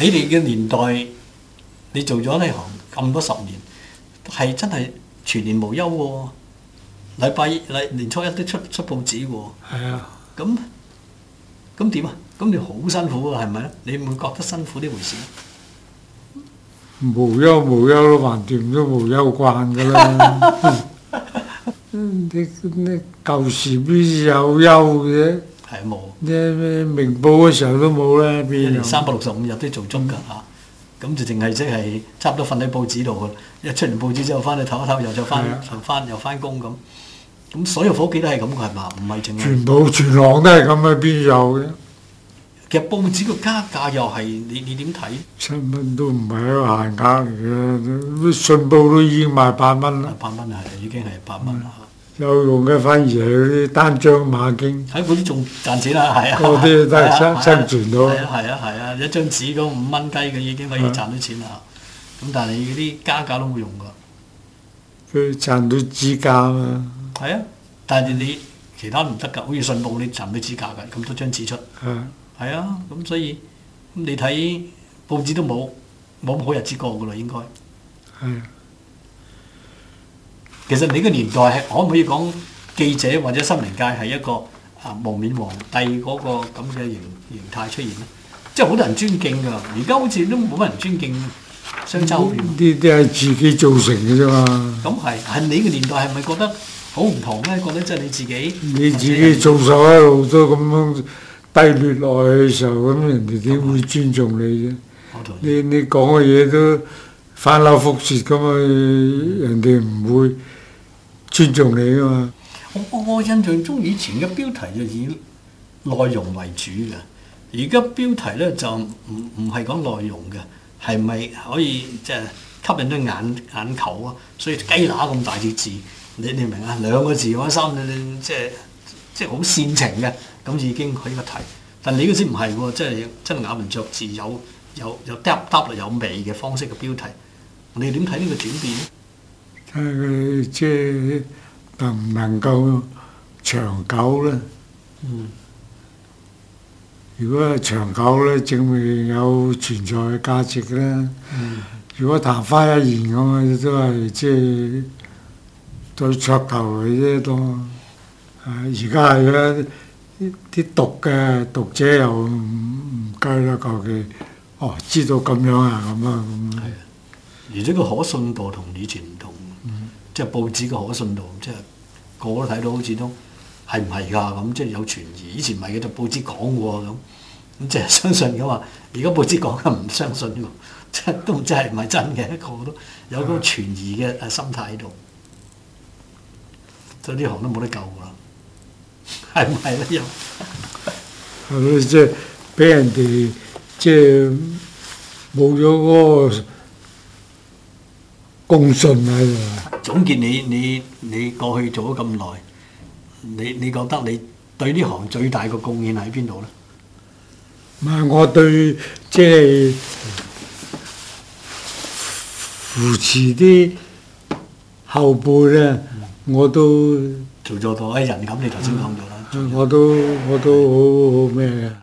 你哋嘅年代，你做咗呢行咁多十年，係真係全年無休喎。禮拜一，年初一都出出報紙喎。係啊。咁咁點啊？咁你好辛苦啊？係咪咧？你唔會覺得辛苦呢回事？無休無休囉，橫掂都無休慣㗎啦。你你舊時邊有休嘅？係冇，啲咩明報嗰時候都冇咧，邊有？一年三百六十五日都做中㗎嚇，咁就淨係即係差唔多瞓喺報紙度嘅，一出完報紙之後翻去唞一唞，又再翻，又翻又翻工咁，咁所有夥計都係咁嘅係嘛？唔係淨係全部全行都係咁啊？邊有嘅？其實報紙嘅加價又係你你點睇？七蚊都唔係一個限價嚟嘅，啲信報都已經賣八蚊啦。八蚊係已經係八蚊啦。有用嘅反而係啲單張馬經，喺嗰啲仲賺錢啊，係啊，嗰啲都係生生存到，係啊係啊係啊，一張紙嗰五蚊雞嘅已經可以賺到錢啦，咁但係嗰啲加價都冇用噶，佢賺到紙價啊，係啊，但係你其他唔得㗎，好似信報你賺到紙價㗎，咁多張紙出，係啊，咁所以咁你睇報紙都冇冇咁好日子過㗎啦，應該係。其實你個年代係可唔可以講記者或者新聞界係一個啊無冕皇帝嗰個咁嘅形形態出現咧？即係好多人尊敬㗎，而家好似都冇乜人尊敬相周邊。呢啲係自己造成嘅啫嘛。咁係係你個年代係咪覺得好唔同咧？覺得即係你自己你自己做手喺度都咁樣低劣落去嘅時候，咁人哋點會尊重你嘅？我同意。你你講嘅嘢都反口覆舌咁啊！人哋唔會。尊重你啊嘛！我我我印象中以前嘅標題就以內容為主嘅，而家標題咧就唔唔係講內容嘅，係咪可以即係吸引咗眼眼球啊？所以雞乸咁大隻字，你你明啊？兩個字或者三個字即係即係好煽情嘅，咁已經可以嘅題。但你嗰啲唔係喎，即係真咬文嚼字有，有有有 double 有味嘅方式嘅標題，你點睇呢個轉變？即係佢即係能唔能夠長久咧？嗯，如果係長久咧，證明有存在嘅價值嘅啦。嗯，如果曇花一現咁啊，都係即係對桌球嘅啫都。而家係咧啲讀嘅讀者又唔唔計啦，咁佢哦，知道咁樣啊，咁啊咁啊，而呢個可信度同以前唔同。即係報紙嘅可信度，即係個個都睇到好都是是，好似都係唔係㗎咁，即係有傳疑。以前唔係嘅，就報紙講喎咁，咁即係相信嘅嘛。而家報紙講緊唔相信喎，即係都唔知係唔係真嘅，個個都有個傳疑嘅心態喺度。啊、所以呢行都冇得救㗎啦，係唔係咧？又係咪？即係俾人哋即係冇咗嗰個。貢信喺度。啊、總結你你你過去做咗咁耐，你你覺得你對呢行最大嘅貢獻喺邊度咧？唔係、嗯、我對，即、就、係、是、扶持啲後輩咧，我都、嗯、做咗個一人咁，你頭先講咗啦。我都我都好咩？是嗯